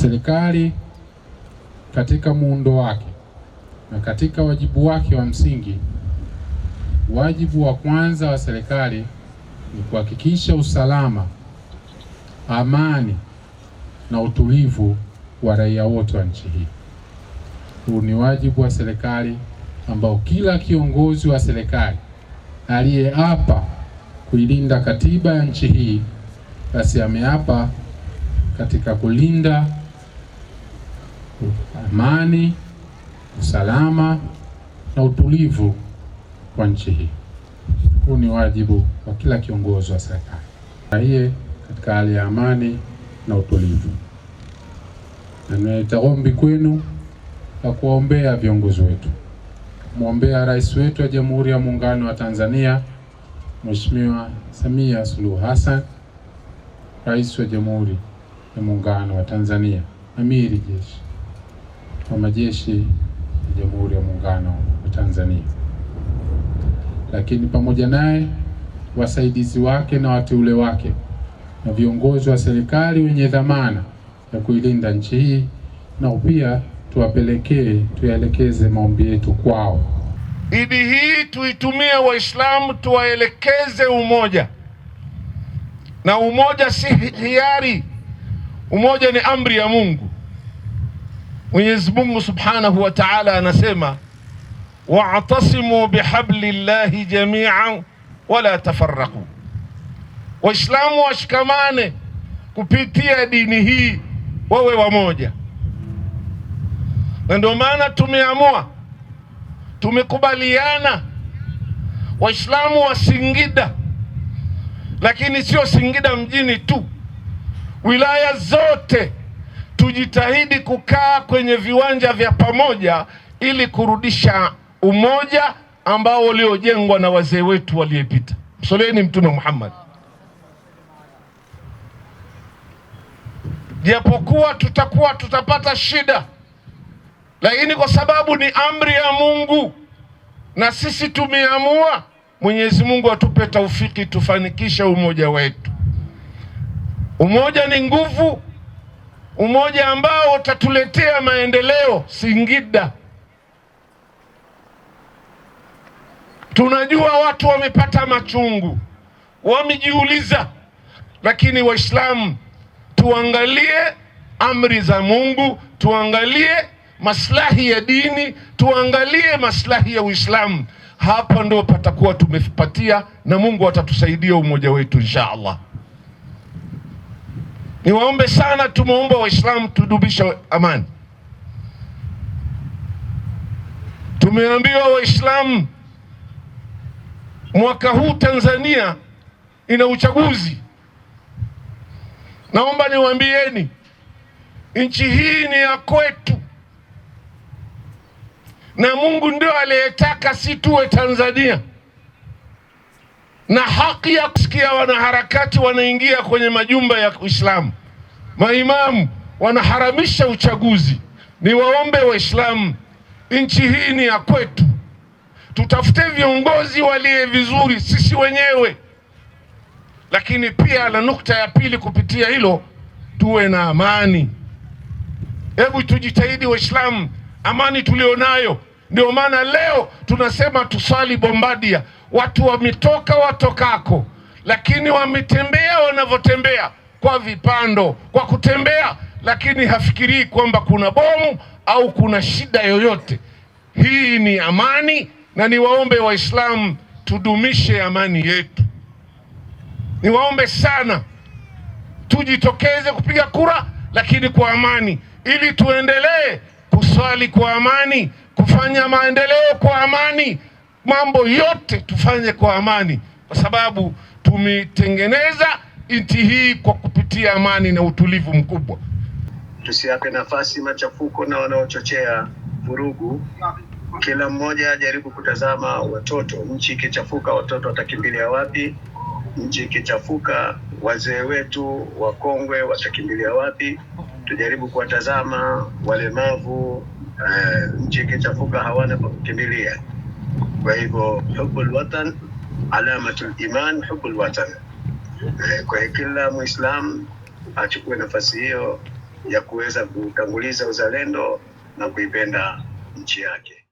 serikali katika muundo wake na katika wajibu wake wa msingi, wajibu wa kwanza wa serikali ni kuhakikisha usalama, amani na utulivu wa raia wote wa nchi hii. Huu ni wajibu wa serikali ambao kila kiongozi wa serikali aliyeapa kuilinda katiba ya nchi hii basi ameapa katika kulinda amani, usalama na utulivu wa nchi hii. Huu ni wajibu wa kila kiongozi wa serikali aiye katika hali ya amani na utulivu, na nimeleta ombi kwenu la kuwaombea viongozi wetu, kumwombea rais wetu wa Jamhuri ya Muungano wa Tanzania Mheshimiwa Samia Suluhu Hassan, rais wa Jamhuri ya Muungano wa Tanzania, amiri jeshi wa majeshi ya Jamhuri ya Muungano wa Tanzania, lakini pamoja naye wasaidizi wake na wateule wake na viongozi wa serikali wenye dhamana ya kuilinda nchi hii, nao pia tuwapelekee, tuyaelekeze maombi yetu kwao. Idi hii tuitumie Waislamu, tuwaelekeze umoja, na umoja si hiari, umoja ni amri ya Mungu. Mwenyezi Mungu Subhanahu wa Ta'ala anasema wa'tasimu bihablillahi jami'an wala tafarraqu, Waislamu washikamane kupitia dini hii, wawe wamoja. Na ndio maana tumeamua, tumekubaliana Waislamu wa Singida, lakini sio Singida mjini tu, wilaya zote tujitahidi kukaa kwenye viwanja vya pamoja ili kurudisha umoja ambao uliojengwa na wazee wetu waliyepita. Msoleni Mtume Muhammad. Japokuwa tutakuwa tutapata shida, lakini kwa sababu ni amri ya Mungu na sisi tumeamua, Mwenyezi Mungu atupe taufiki tufanikishe umoja wetu. Umoja ni nguvu umoja ambao utatuletea maendeleo Singida. Tunajua watu wamepata machungu, wamejiuliza, lakini Waislamu tuangalie amri za Mungu, tuangalie maslahi ya dini, tuangalie maslahi ya Uislamu. Hapa ndio patakuwa tumepatia, na Mungu atatusaidia umoja wetu insha Allah. Niwaombe sana, tumeomba Waislamu tudubisha amani. Tumeambiwa Waislamu, mwaka huu Tanzania ina uchaguzi. Naomba niwaambieni, nchi hii ni ya kwetu, na Mungu ndio aliyetaka si tuwe Tanzania na haki ya kusikia. Wanaharakati wanaingia kwenye majumba ya Uislamu, maimamu wanaharamisha uchaguzi. Ni waombe Waislamu, nchi hii ni ya kwetu, tutafute viongozi waliye vizuri sisi wenyewe, lakini pia na nukta ya pili, kupitia hilo tuwe na amani. Hebu tujitahidi Waislamu, amani tulionayo ndio maana leo tunasema tuswali Bombadia, watu wametoka watokako, lakini wametembea wanavyotembea kwa vipando, kwa kutembea, lakini hafikirii kwamba kuna bomu au kuna shida yoyote. Hii ni amani, na niwaombe Waislamu tudumishe amani yetu. Niwaombe sana tujitokeze kupiga kura, lakini kwa amani, ili tuendelee kuswali kwa amani kufanya maendeleo kwa amani. Mambo yote tufanye kwa amani, kwa sababu tumetengeneza nchi hii kwa kupitia amani na utulivu mkubwa. Tusiape nafasi machafuko na wanaochochea vurugu. Kila mmoja ajaribu kutazama watoto. Nchi ikichafuka, watoto watakimbilia wapi? Nchi ikichafuka, wazee wetu wakongwe watakimbilia wapi? Tujaribu kuwatazama walemavu Eh, nchi ikichafuka hawana pa kukimbilia. Kwa hivyo hubul watan alamatul iman, hubul watan. Eh, kwa hiyo kila Muislam achukue nafasi hiyo ya kuweza kutanguliza uzalendo na kuipenda nchi yake.